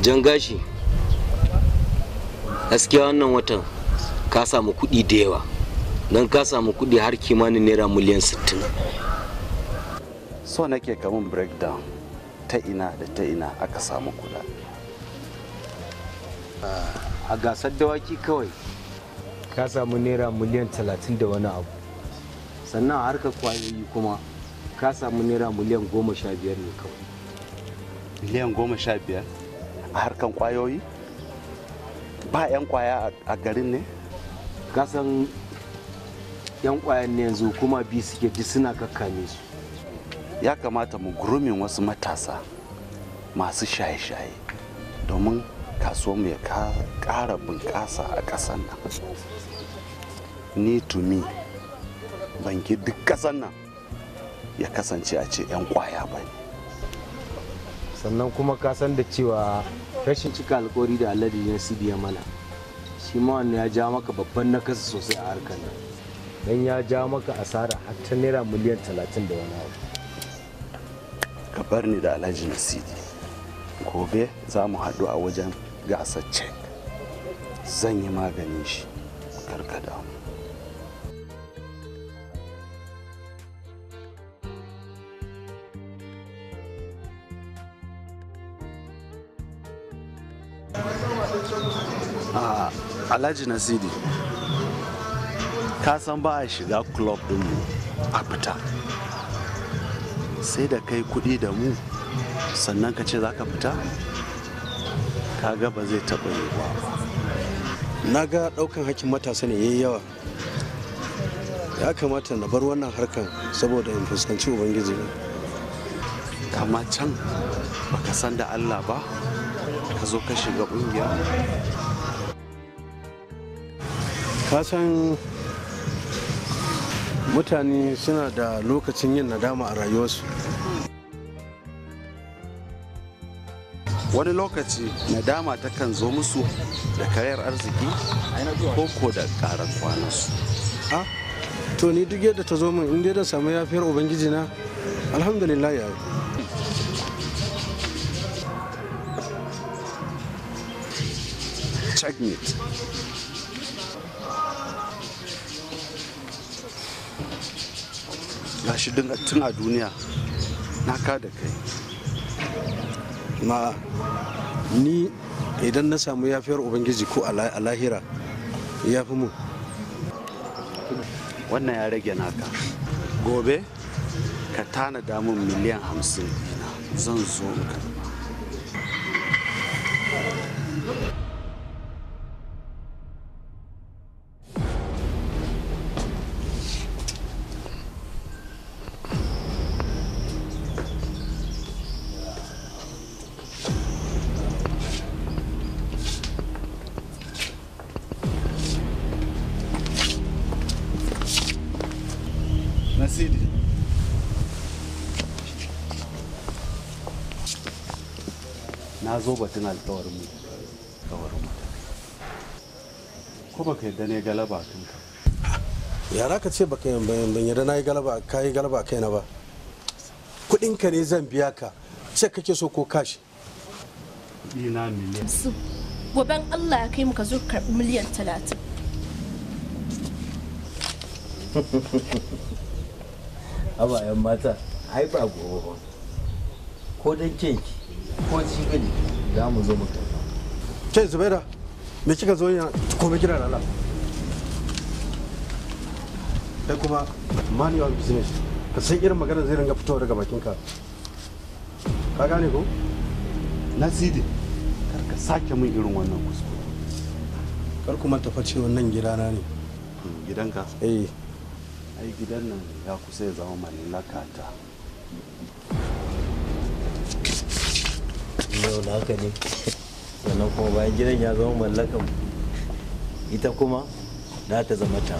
jan gashi gaskiya wannan watan ka samu kudi da yawa don ka samu kudi har kimanin naira miliyan 60 so nake kamun breakdown ta ina da ta ina aka samu kuda a gasar dawaki kawai ka samu naira miliyan 30 da wani abu sannan a harkar kwayoyi kuma ka samu naira miliyan 15 ne kawai miliyan 15 a harkan kwayoyi ba 'yan kwaya a garin ne kasan 'yan kwayan ne yanzu kuma bi suke ji suna kakkame su ya kamata mu gurumin wasu matasa masu shaye-shaye domin mu ya ƙara bunƙasa a ƙasar nan ni to me banki duk ƙasar nan ya kasance a ce 'yan kwaya ba sannan kuma ka san da cewa rashin cika alkawari da alade na ya mana shi ma ya ja maka babban nakasa sosai a harkar nan don ya ja maka asara har ta naira miliyan talatin da wani abu ka bar ni da alhaji sidi gobe za mu haɗu a wajen gasar cek zan yi maganin shi karka damu alhaji nasidi ka san ba a shiga club mu a fita sai da kai kudi da mu sannan ka ce za ka fita ka ga ba zai taɓa yi ba na ga ɗaukan hakkin matasa ne yayi yawa ya kamata na bar wannan harkan saboda in fuskanci ubangiji kama can baka san da allah ba ka zo ka shiga ƙungiya kasan mutane suna da lokacin yin nadama a rayuwarsu wani lokaci nadama takan zo musu da karyar arziki ko ko da karar kwanansu to ni duk yadda ta zo min inda da samu yafiyar ubangiji na alhamdulillah ya checkmate gashi tun a duniya na ka da kai ma ni idan na samu yafiyar ubangiji ko a lahira ya fi mu wannan ya rage naka gobe ka tana damun miliyan hamsin zan zo ka zo batun alkawarin mu alkawarin mu ko baka yadda ne galaba tun ka yara ka ce baka ban yarda na yi galaba ka yi galaba kai na ba kudin ka ne zan biya ka ce kake so ko kashi kudi na miliyan goben Allah ya kai muka zo karbi miliyan talatin Aba yan mata ai ba gobe ko dan kenki ko cigani za mu zo mu tafi zubaira me kika zo yana komai kira da Allah da kuma man your business ka san irin magana zai ringa fitowa daga bakinka ka gane ko nasidi kar ka sake min irin wannan kuskure kar kuma tafa ce wannan gidana ne hmm, gidanka eh ai gidan nan ya kusa ya zama mallaka ta yau na haka ne sannan kuma bayan gidan ya zama mallakan ita kuma na ta zama ta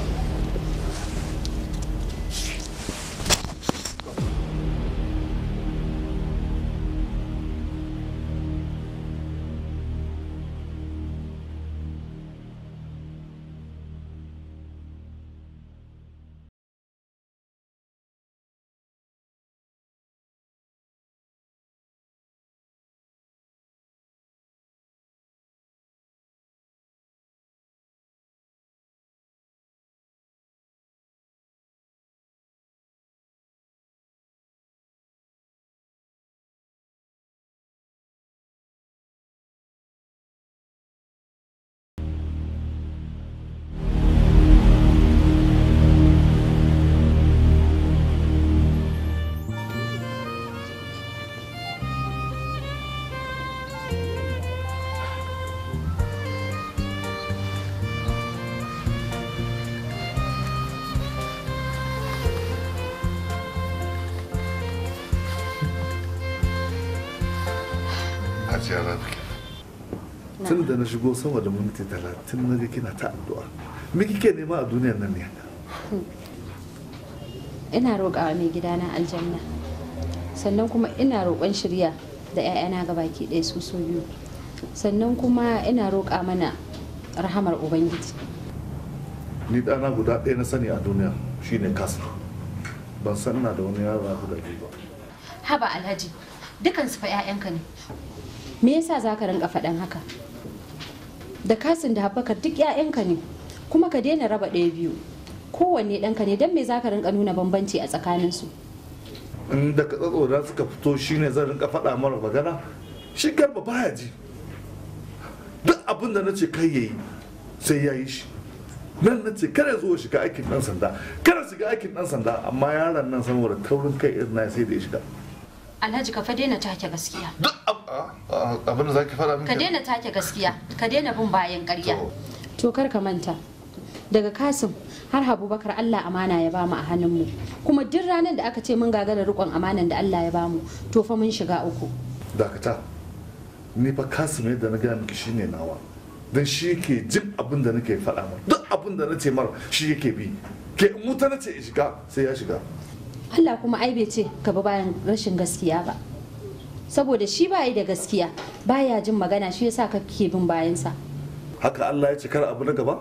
ziyara da ke tun da na shigo sama da minti talatin na ga kina ta addu'a me kike nema a duniyar nan ne ina roƙawa mai gidana aljanna sannan kuma ina roƙon shirya da 'ya'yana ga baki ɗaya su su biyu sannan kuma ina roƙa mana rahamar ubangiji ni ɗana guda ɗaya na sani a duniya shine kasu ban san ina da wani yaro guda biyu ba haba alhaji dukansu fa 'ya'yanka ne me yasa za ka rinka faɗan haka da kasin da haɓaka duk 'ya'yanka ne kuma ka daina raba ɗaya biyu kowanne ɗanka ne don me za ka rinka nuna bambanci a tsakanin in da ka tsatso suka fito shine zan rinka faɗa mara magana shi garba baya ji duk abin da na ce kai yayi sai ya yi shi nan na ce kada zuwa shiga aikin dan sanda kada shiga aikin dan sanda amma yaron nan saboda taurin kai irin na sai da ya shiga Alhaji ka fa daina take gaskiya. Duk abin da zaki fara min. Ka daina take gaskiya, ka daina bin bayan ƙarya. To kar ka manta. Daga Kasim har Abubakar Allah amana ya bamu a hannunmu. Kuma duk ranar da aka ce mun gagara riƙon amanan da Allah ya bamu, to fa mun shiga uku. Dakata. Ni fa Kasim yadda na gaya miki shine nawa. Dan shi yake jin abin da nake faɗa mar. Duk abin da na ce mar shi yake bi. Ke muta na ce shiga sai ya shiga. Allah kuma ai bai ce ka bi bayan rashin gaskiya ba saboda shi ba da gaskiya baya jin magana shi yasa kake bin bayansa haka Allah ya ce kar abu na gaba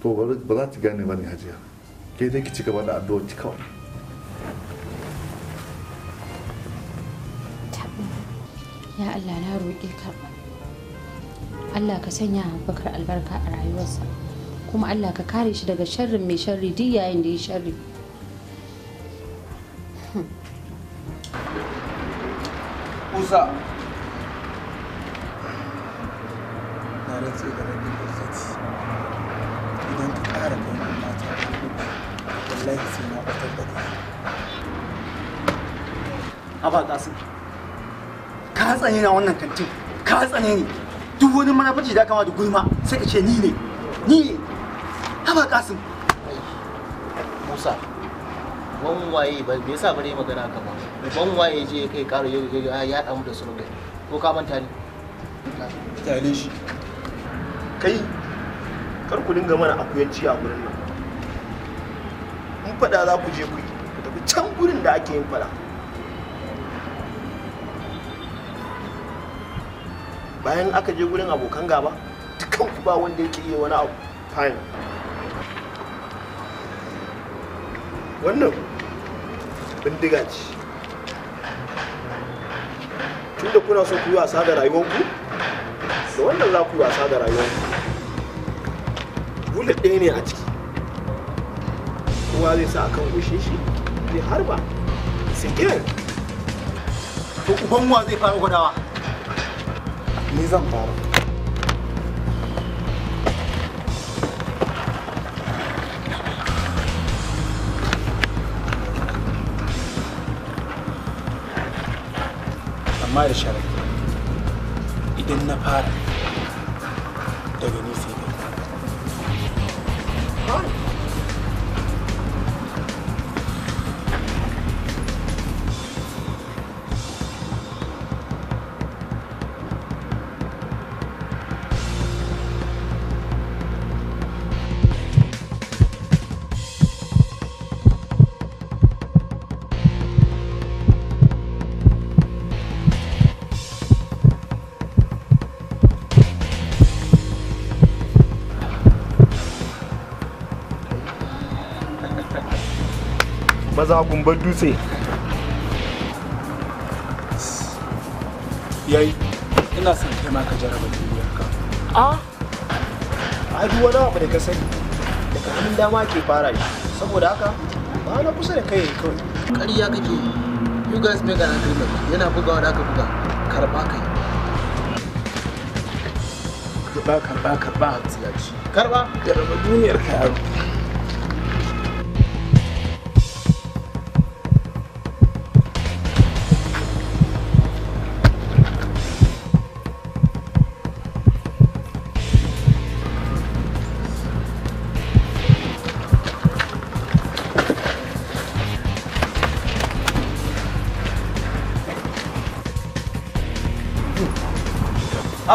to ba za ta gane ba ne hajiya ke dai ki ci gaba da addu'a ki kawai ya Allah na roƙe ka Allah ka sanya bakar albarka a rayuwarsa kuma Allah ka kare shi daga sharrin mai sharri duk yayin da ya sharri kusa na rantsu da rabin bulkati idan ka ƙara kai mun mata wallahi sai na batar da kai haba kasim ka tsane na wannan kantin ka tsane ni duk wani manafaci da kama da gulma sai ka ce ni ne ni haba kasim musa wani waye ba me yasa bare magana ka ba ban waye ya je ya kai karo ya ya damu da surugai ko ka manta ne tale shi kai kar ku dinga mana akuyanci a gurin nan in fada za ku je ku yi ku tafi can gurin da ake yin fada bayan aka je gurin abokan gaba dukkan ku ba wanda yake iya wani abu fine wannan bindiga ce tunda kuna so ku yi wasa da rayuwanku da wannan za ku yi wasa da rayuwanku bullet ɗaya ne a ciki kowa zai sa akan gushe shi zai harba sigil to uban wa zai fara gudawa ni zan fara amma da sharadi idan na fara maza gumbar dutse yayi ina son kai ma ka jaraba duniyar ka a ah. a duk wani abu da ka sani Daga karamin dama ke fara shi saboda haka ba na kusa da kai kawai ƙarya kake you guys make an agreement yana bugawa da aka buga karba kai karba karba karba karba karba karba duniyar ka yaro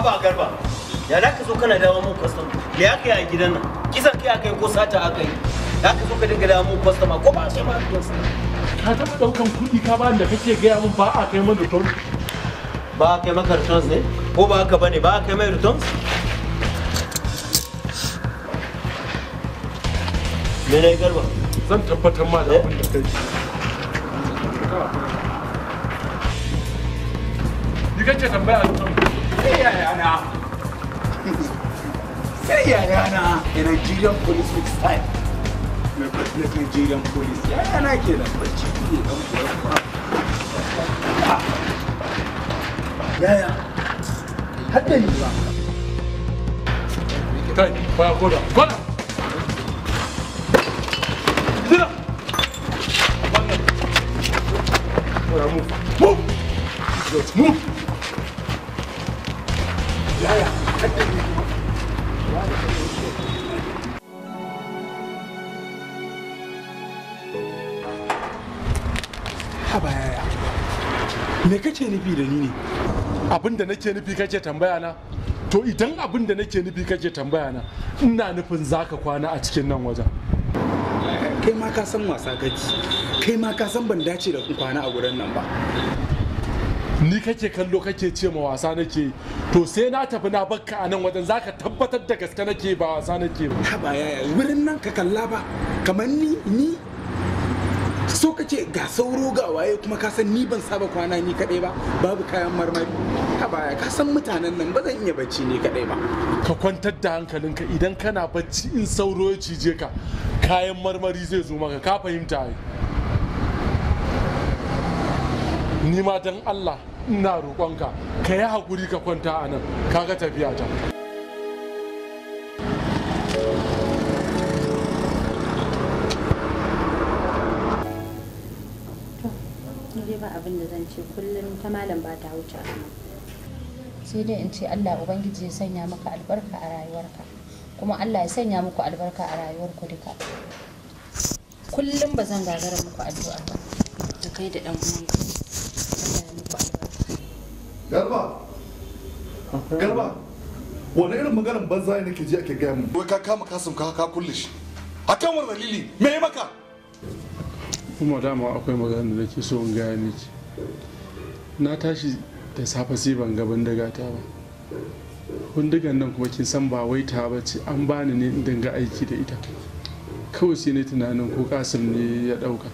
haba garba ya da ka zo kana dawo mu kwastam me ya a gidan nan kisan kai aka yi ko sata aka yi da ka zo ka dinga dawo mu kwastam ko ba sai ma ka taɓa ɗaukan kuɗi ka ba da kake gaya min ba a kai da return ba a kai maka returns ne ko ba haka bane ba a kai mai returns me ne garba zan tabbatar ma da eh? abin da kai ni kake tambaya a return Say Yana. Say Yana. The Nigerian police with style. Mai kwatlet Nigerian police. Yana ke nan bacci Yeah, yeah. kuwa. Yaya. Hadda ni ba. Kai, ba koda. Koda. Zira. Move. Move. Move. nufi da ni ne abin da nake nufi kace tambaya na to idan abin da nake nufi kace tambaya na ina nufin zaka kwana a cikin nan wajen kai ma ka san wasa gaji kai ma ka san ban dace da kwana a gurin nan ba ni kake kallo kake ce ma wasa nake to sai na tafi na bakka a nan wajen zaka tabbatar da gaske nake ba wasa nake ba ba yaya wurin nan ka kalla ba kamar ni ni so ka ce ga sauro ga waye kuma ka san ni ban saba kwana ni kadai ba babu kayan marmari ka baya ka san mutanen nan ba zan iya bacci ni kadai ba ka kwantar da hankalinka idan kana bacci in sauro ya cije ka kayan marmari zai zo maka ka fahimta ai ni ma dan Allah ina roƙonka ka yi hakuri ka kwanta anan nan kaga tafiya ta abin da zan ce kullum ta malam ba ta wuce sai dai in ce Allah ubangiji ya sanya maka albarka a rayuwarka kuma Allah ya sanya muku albarka a rayuwarku duka kullum ba zan gagara muku addu'a ba da kai da dan uwan ka garba garba wani irin maganar banza ne nake ji ake gaya mun? wai ka kama kasum ka ka kulle shi akan wani dalili me maka kuma dama akwai maganar da nake so in gaya miki na tashi da safe sai ban ga bindiga ta ba bindigan nan kuma kin san ba wai ta ba ce an bani ne in dinga aiki da ita kawai sai ne tunanin ko kasim ne ya dauka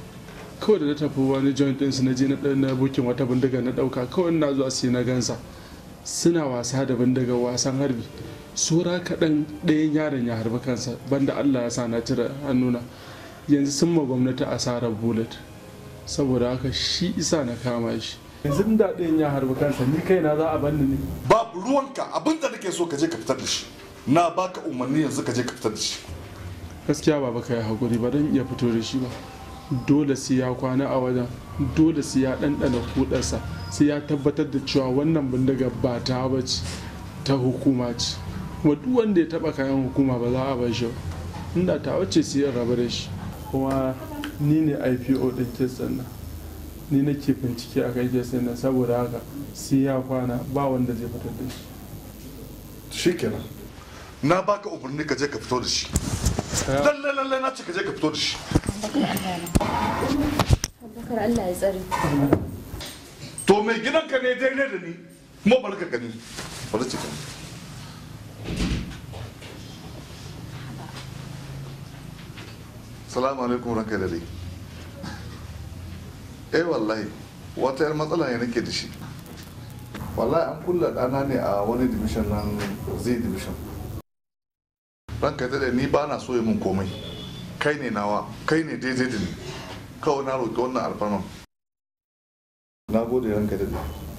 kawai da na tafi wani joint din su na je na bukin wata bindiga na dauka kawai na zuwa sai na gansa suna wasa da bindiga wasan harbi sura kaɗan ɗayan yaron ya harbi kansa banda allah ya sa na cire hannuna yanzu sun ma gwamnati asarar bullet saboda haka shi isa na kama shi yanzu inda ɗayan ya harbi kansa ni kaina za a banni ne ba ruwanka abin da nake so ka je ka fitar da shi na baka umarni yanzu ka je ka fitar da shi gaskiya baba ka yi hakuri ba don iya fito da shi ba dole sai ya kwana a wajen dole sai ya ɗanɗana kudarsa sai ya tabbatar da cewa wannan bindiga ba ta ba ce ta hukuma ce kuma duk wanda ya taɓa kayan hukuma ba za a bar shi ba inda ta wace sai ya rabu da shi kuma ni ne ipo din kesin nan ni ke bincike a kai kesin nan saboda haka sai ya kwana ba wanda zai fitar da shi shikenan na baka umarni ka je ka fito da shi lalle lalle na ce ka je ka fito da shi Allah tsare to mai gidanka ne ne da ni kuma barka gani ce ka ce salamu alaikum ranka da dai eh wallahi wata yar matsala ne nake da shi wallahi an kulla dana ne a wani division nan z division ranka da ni ba na so yi mun komai kai ne nawa kai ne daidai da ni kawai na roƙi wannan alfanon. na gode ranka da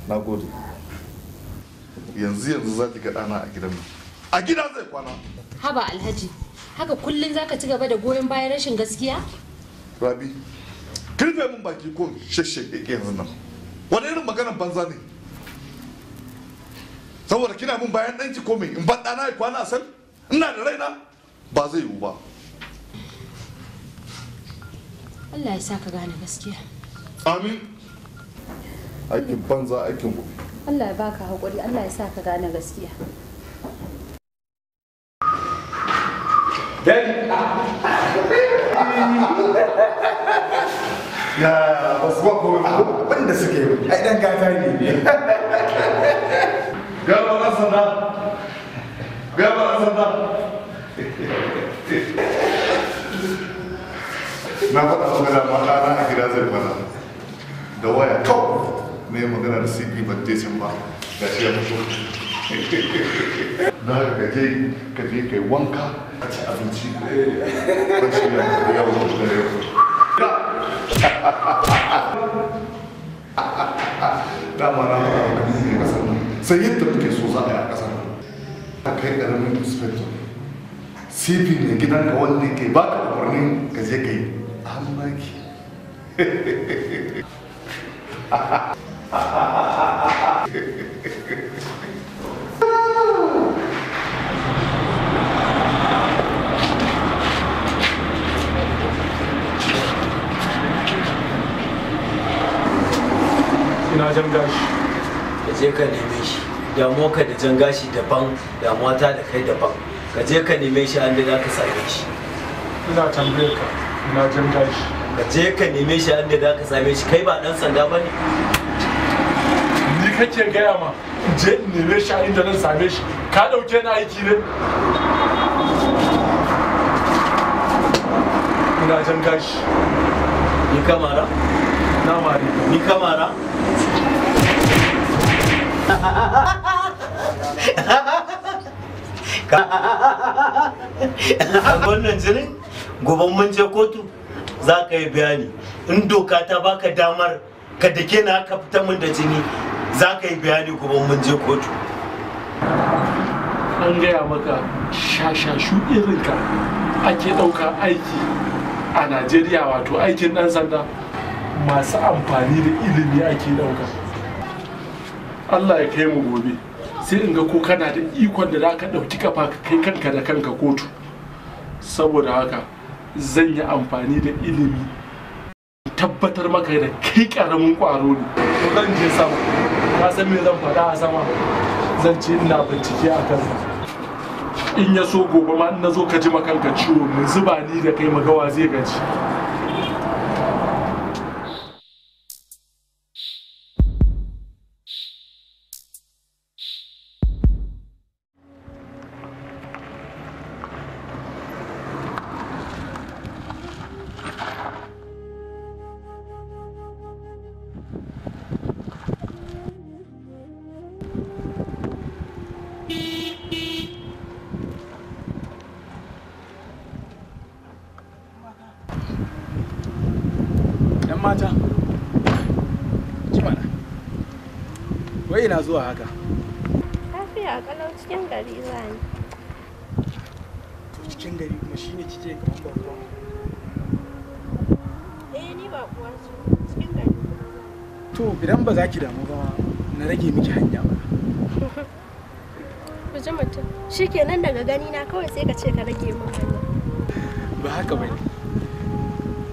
na gode yanzu yanzu za ki ga dana a gidan nan a gida zai kwana haba alhaji haka kullum zaka ci gaba da goyon bayan rashin gaskiya rabi kirfe min baki ko shashshake yanzu nan wani irin maganar banza ne saboda kina min bayan ɗanki ko mai in ban na kwana a san ina da raina ba zai yiwu ba Allah ya sa ka gane gaskiya amin aikin banza aikin gobe Allah ya baka haƙuri Allah ya sa ka gane gaskiya Daddy. ya ba su ba kome abin da suke yi ai dan gata ne gaba na gaba na na faɗa kuma ma ɗana a gida zai mana da waya kawai ne magana da cp ba tesin ba da shi ya fito na haka ka ka je kai wanka ka ci abinci bacci ya ya zo da ya dama na fara ka ne kasar nan sai yadda muke so za a yi a kasar nan a kai karamin inspector sifi ne gidanka wanda ke baka umarnin ka je kai an maki ha ha ha ma jan gashi ka je ka neme shi damuwa ka da jan gashi daban damuwa ta da kai daban ka je ka neme shi an da za ka same shi ina tambaye ka ina jan gashi ka je ka neme shi an da za ka same shi kai ba dan sanda ba ne ni kake gaya ma je neme shi an da nan same shi ka dauke ni aiki ne ina jan gashi ni kamara na mari ni kamara wannan jinin gobe mun je kotu za ka yi bayani in doka ta baka damar ka dake na ka fita min da jini za ka yi bayani gobe mun kotu an gaya maka shashashu irinka ake ɗauka aiki a najeriya wato aikin ɗan sanda masu amfani da ilimi ake ɗauka Allah ya kai mu gobe sai in ga ko kana da ikon da zaka ɗauki kafa ka kai kanka da kanka kotu saboda haka zan yi amfani da ilimi tabbatar maka da kai karamin kwaro ne to zan je sama ka san me zan fada a sama zan ce ina bincike a kansa in ya so gobe ma in na zo ka ji makanka ciwo mu zuba ni da kai magawa zai gaji wai ina zuwa haka lafiya kalau cikin gari ni. to cikin gari kuma shine kike kamar babban eh ni ba kuwa cikin gari to idan ba za ki damu ba na rage miki hanya ba ku ji mutum kenan daga gani na kawai sai ka ce ka rage min hanya ba haka bane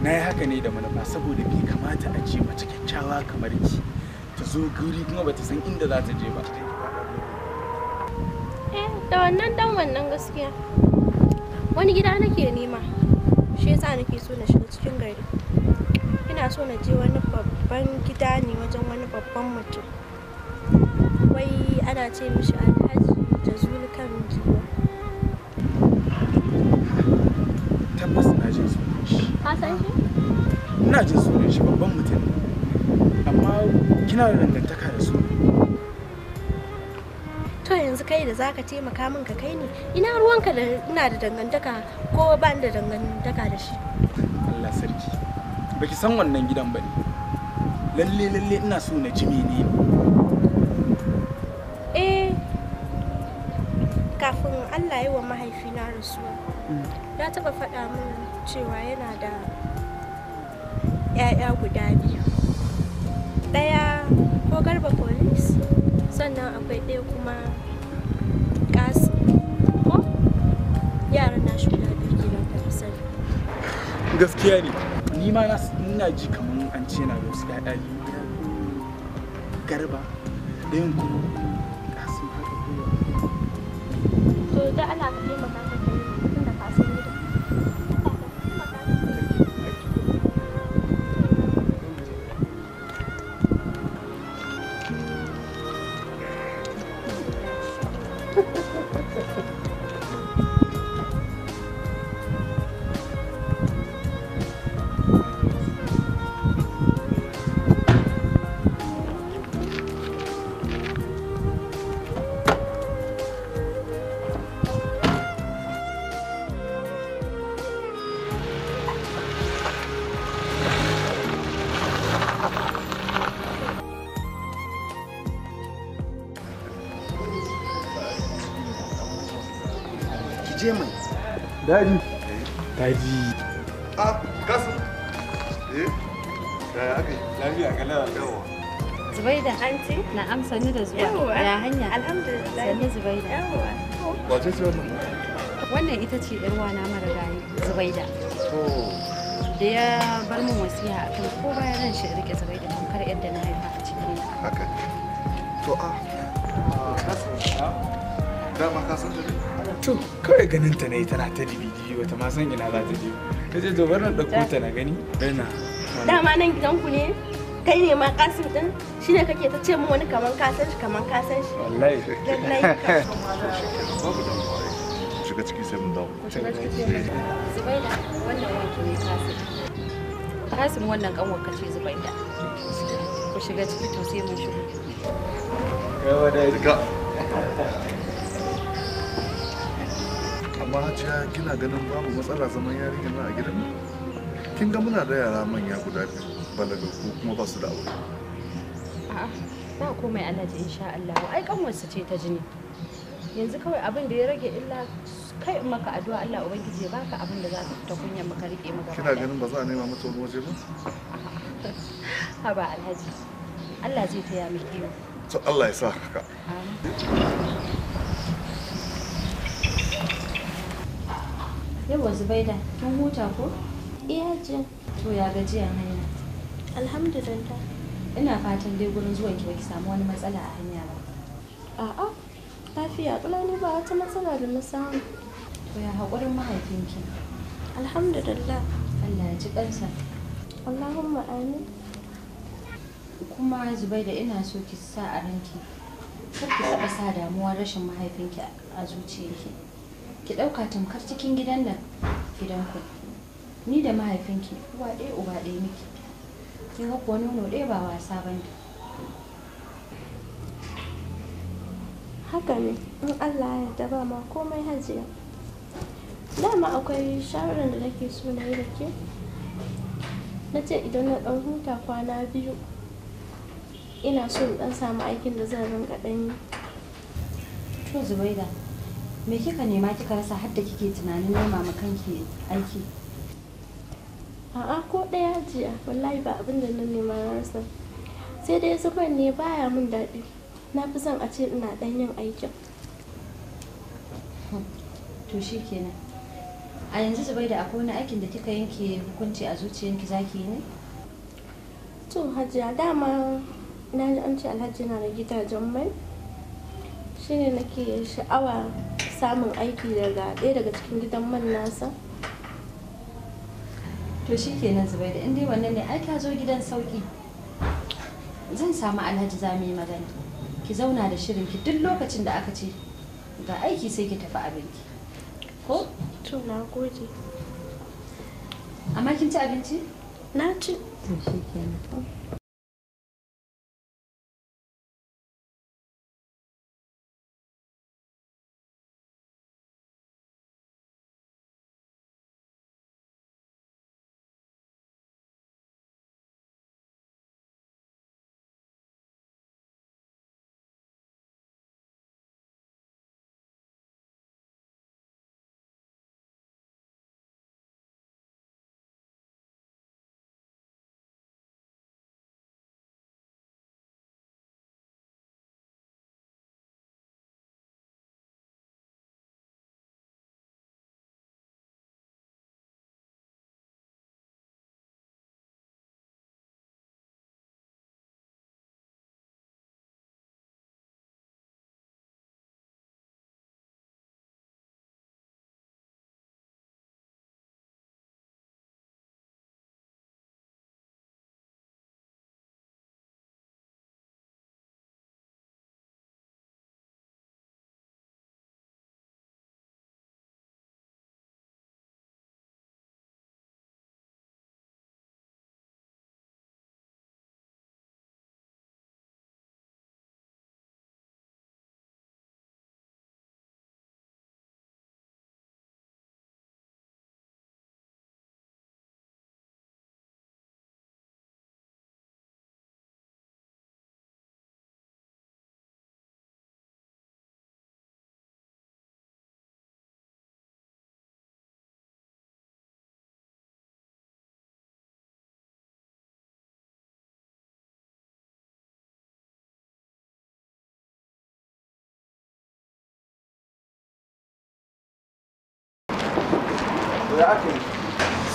na yi haka ne da manufa saboda bai kamata a ce mace kyakkyawa kamar ki zo guri kuma bata san inda za ta je ba eh da wannan dan wannan gaskiya wani gida nake nema shi yasa nake so na shiga cikin gari ina so na je wani babban gida ne wajen wani babban mutum wai ana ce mishi alhaji da zulukan jiwa tabbas na jin sunan shi san shi ina jin sunan shi babban mutum amma kina da dangantaka da su to yanzu kai da zaka taimaka min ka kai ni ina ruwanka da ina da dangantaka ko ba ni da dangantaka da shi Allah sarki baki san wannan gidan ba ne lalle lalle ina so na ji ne. eh kafin Allah yi wa mahaifina rasuwa mm. ya taba faɗa min cewa yana da 'ya'ya guda biyu ɗaya ko garba police sannan akwai ɗaya kuma kasi ko yaran na shi biyu kenan da sani gaskiya ne ni ma na ji kamar an ce na da wasu ƴaƴa garba ɗayan kuma kasi haka ko to da ana ka taimaka Daddy. Daddy. Ah, kasu. Eh, Zubaida anti na amsa da zuwa. Ya hanya. Alhamdulillah. Zubaida. wannan? ita ce ɗan wana mara Zubaida. Da ya bar min wasiha akan ko bayan ran shi rike Zubaida tamkar yadda na haifa a cikin. to kawai ganin ta nayi tana ta dibidi wata ma san ina za ta je ta ce to bar na ɗauko ta na gani dana dama nan gidanku ne kai ne ma kasim din shi ne kake ta ce mu wani kaman ka san shi kaman ka san shi wallahi lallai babu dan shiga ciki sai mun dawo zubaida wannan wanki ne kasim kasim wannan kanwar kace zubaida ku shiga ciki to sai mun shigo kai wadai ka amma hajiya kina ganin babu matsala zaman yari nan a gidan kin ga muna da yara manya guda biyu balagaku kuma ba su da aure ba komai alhaji insha Allah ai wasu ce ta jini yanzu kawai abin da ya rage illa kai in maka addu'a Allah ubangiji ya baka abin da za ka fita kunya maka rike maka kina ganin ba za a nema mata wani waje ba haba alhaji Allah zai taya miki to Allah ya sa haka amin Yawa Zubaida, kin huta ko? Iya jiya. To ya gajiyan hanya? Alhamdulillah. Ina fatan dai gurin zuwan ki baki samu wani matsala a hanya ba. A'a, lafiya ƙulalu ba wata matsala da na samu. To ya haƙurin mahaifinki? Alhamdulillah. Allah ya ji kansa. Allahumma amin. Kuma Zubaida ina so ki sa a ranki. Kar ki taɓa sa damuwa rashin mahaifinki a zuciyarki. ki ɗauka tamkar cikin gidan nan ku ni da mahaifinki uwa ɗaya uba ɗaya miki kin ga kuwa nono ɗaya ba wasa ba ne haka ne in allah ya ba ma komai hajiya dama akwai shawarar da nake so na yi da ke na ce idan na ɗan huta kwana biyu ina so in ɗan samu aikin da zan rinka ɗan yi to zubaida me kika nema kika rasa har da kike tunanin nema ma kanki aiki a'a ko ɗaya jiya wallahi ba abin da na nema na rasa sai dai zuban ne baya mun daɗi na fi son a ce ina ɗan yin aikin hmm. to shi kenan a yanzu zubai da akwai wani aikin da kika yanke hukunci a zuciyanki zaki ne to hajiya dama na ji an ce alhaji na da gidajen mai shine nake sha'awa samun aiki daga ɗaya daga cikin gidan man nasa to shi ke nan zubai da inda wannan ne aka zo gidan sauki zan samu alhaji za mu yi magana ki zauna da shirin ki duk lokacin da aka ce ga aiki sai ki tafi abinki ko to na gode amma kin ci abinci na ci to shi nan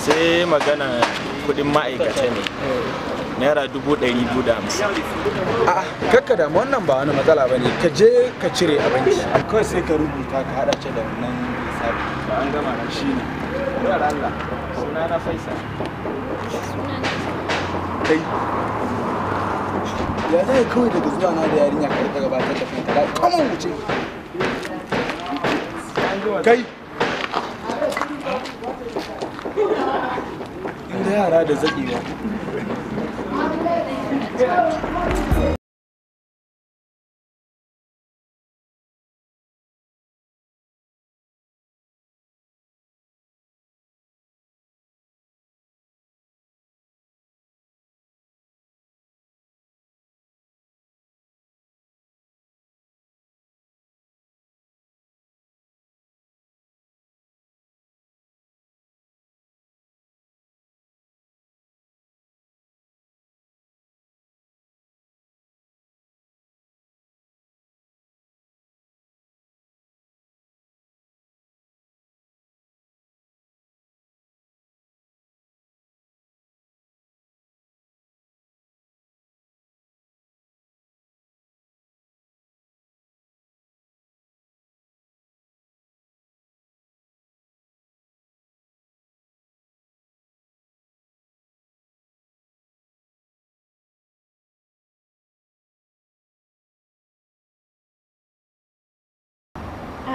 sai magana kudin ma'aikata ne naira dubu ɗari biyu da a kakka damu wannan ba wani matsala ba ne ka je ka cire abinci kawai sai ka rubuta ka haɗa ce da wannan lissafi ba an gama na shi ne suna na faisa kai ya zai kawai daga zuwa na da yarinya ka rika gabatar da kanta da kamar wuce kai inda yara da zaƙewa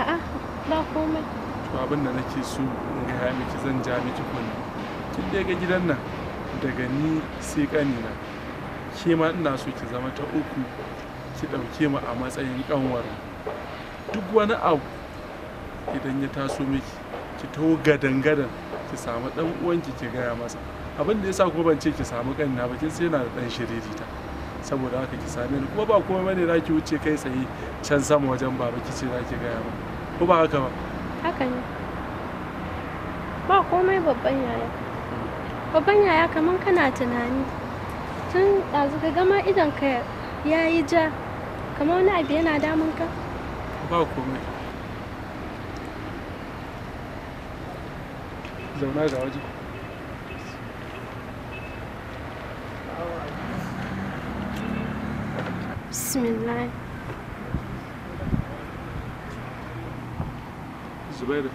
a'a ba komai to abin da nake so in ga miki zan ja miki kunna kin dai ga gidan nan daga ni sai kanina ke ma ina so ki zama ta uku ki ɗauke mu a matsayin ƙanwar duk wani abu idan ya taso miki ki taho gadan-gadan ki samu ɗan uwanki ki gaya masa abin da yasa kuma ban ce ki samu ƙanina ba kin sai yana da ɗan shiririta saboda haka ki same ni kuma ba komai bane za ki wuce kai tsaye can sama wajen baba ki ce za ki gaya masa ko ba haka ba haka ne ba komai babban yaya babban yaya kamar kana tunani tun ɗazu ka gama idan ka ya yi ja kamar wani abu yana damun ka ba komai zauna ga waje bismillah Zubairu.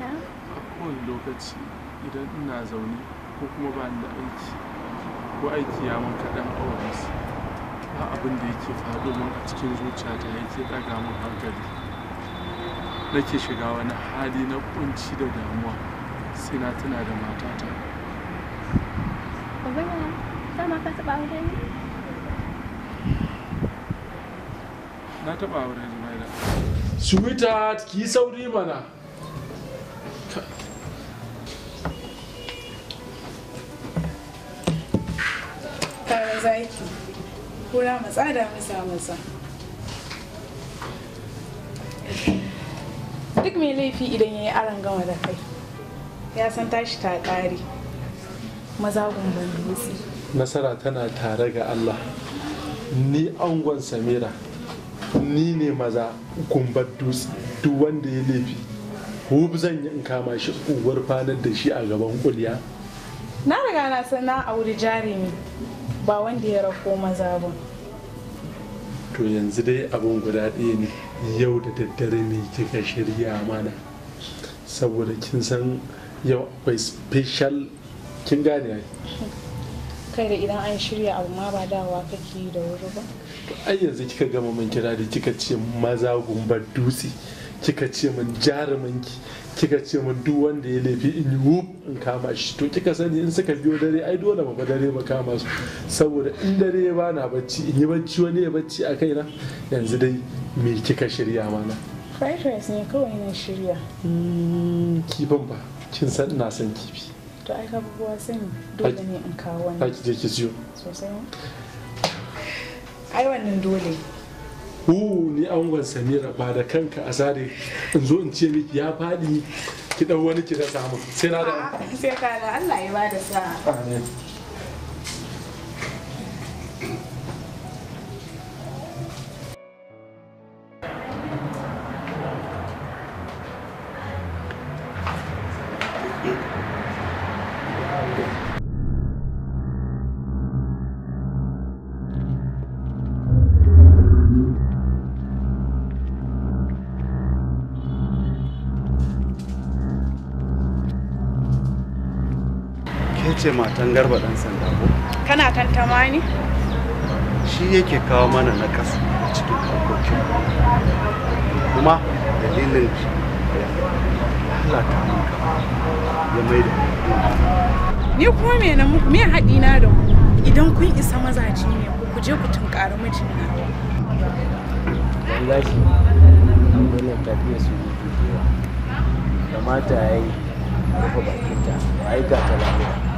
Na? A kowane lokaci idan ina zaune ko kuma ba da aiki ko aiki ya mun kaɗan a ofis ba abin da yake faɗo min a cikin zuciyata yake ɗaga min hankali nake shiga wani hali na kunci da damuwa sai na tuna da matata. Baba ka taɓa aure ne? Na taɓa aure Zubaira. sweetheart ki sauri mana tare zaki kura matsa da masa masa duk mai laifi idan ya yi aron gama da kai ya san tashi ta ƙare maza gumban dutse nasara tana tare ga allah ni angon samira ni ne maza gumbar dutse duk wanda ya laifi hub zan yi in kama shi uwar fanar da shi a gaban kuliya na riga na san na auri jarumi ba wanda ya rako maza ba to yanzu dai abin guda ɗaya ne yau da daddare ne kika shirya mana saboda kin san yau akwai special kin gane kai da idan an shirya abu ma ba dawa kake da wuri ba ai yanzu kika gama man kirari kika ce maza gumbar dutse kika ce min jaruminki kika ce min duk wanda ya laifi in yi wup in kama shi to kika sani in suka biyo dare ai dole ba dare ba kama su saboda in dare ba na bacci in yi bacci wani ya bacci a kaina yanzu dai me kika shirya mana fried rice ne kawai na shirya hmm, kifin ba kin san ina son kifi to ai ka bubuwa sani dole ne in kawo wani ki je ki siyo sosai ai wannan dole Uu ni angon Samira ba da kanka a sare in zo in ce miki ya fadi ki dan wani ki da samu sai na da sai ka Allah ya bada sa amin ce matan garba dan sanda ko kana tantama ni. shi yake kawo mana na kasu a cikin harkokin kuma dalilin halata mun ya mai da ni kuma me na me haɗi na da ku idan kun isa mazaji ne ku je ku tunkari na wallahi an gane fiye su ne kamata yi rufe bakinta a aika ta lafiya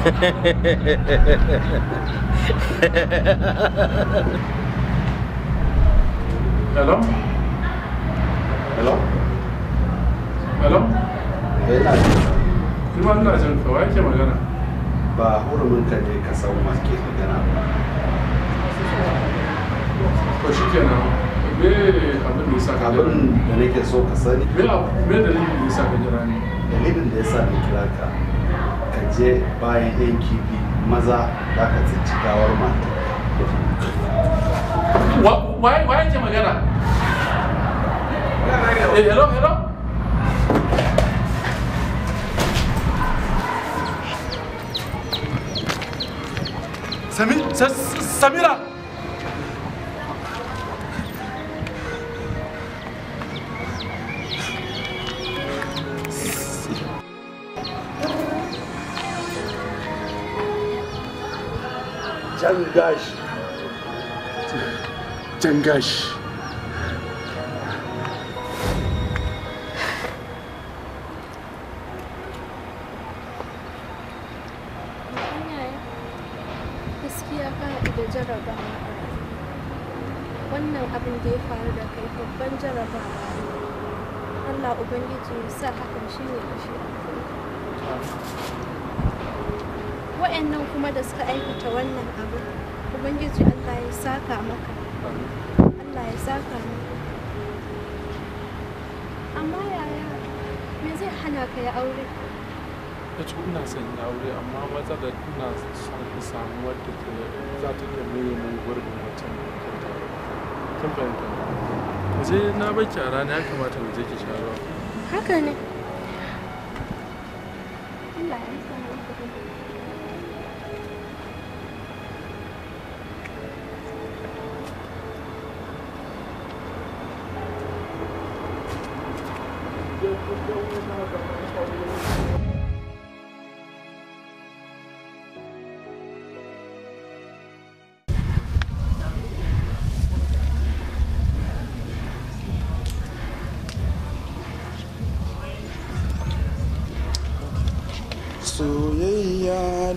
Hello? Hello? Hello? Yana Kuma ina jin ka wa yake magana? Ba hurumin ka ne ka san ma ke magana ba. Ko shi kenan. Me a e i n da yasa ka Abin da nake so ka sani. Me me dalilin da yasa ka jira ni? Dalilin da yasa ni kira ka. je bayan yan kifi maza za ka tsinci gawar mata waye ke magana eh, hello hello samira can gashi can gashi Allah amma yaya me zai hana ka ya aure ta ci ina son aure amma maza da kuna in samu wadda ke za ta iya mai mun gurbin mutum kin fahimta na baki a rana ya kamata mu je ki sha haka ne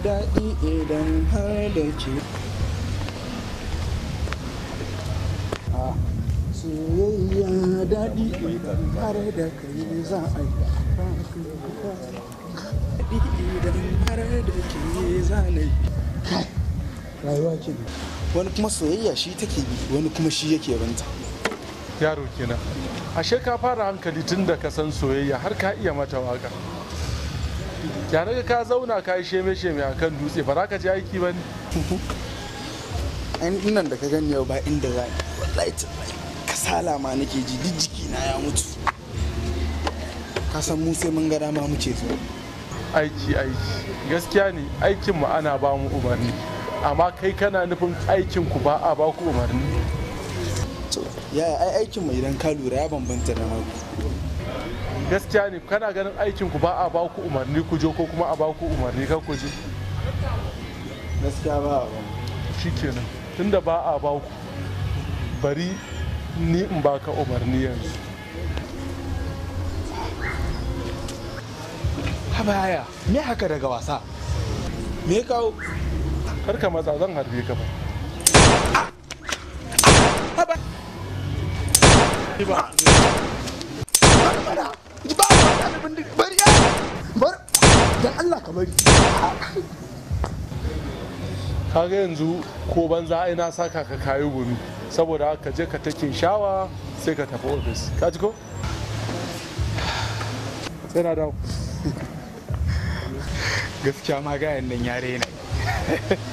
daɗi idan har da ke soyayya daɗi idan har da kai za a yi daɗi idan har da ke za a yi rayuwa ke wani kuma soyayya shi take bi wani kuma shi yake banta yaro kenan ashe ka fara hankali tun da ka san soyayya har ka iya mata waka yana ga ka zauna ka yi sheme sheme a kan dutse ba za ka je aiki ba ne an nan da ka gani yau ba inda za ni wallahi tallahi kasala ma nake ji duk jiki na ya mutu ka san mu sai mun gada ma muke zo aiki aiki gaskiya ne aikin mu ana ba mu umarni amma kai kana nufin aikin ku ba a ba ku umarni Ya ai aikin mu idan ka lura ya bambanta da naku gaskiya ne kana ganin aikin ku ba a ba ku umarni ku je ko kuma a ba ku umarni kan ku je gaskiya ba a ba shikenan tunda ba a ba ku bari ni in ba ka umarni yanzu habaya me haka daga wasa me kawo karka matsa zan harbe ka ba ba abin ka bari yanzu ko banza ai na saka ka kayi gumi saboda ka je ka take shawa sai ka tafi ofis ka ji ko sai na dawo gaskiya ma gayan nan yare ne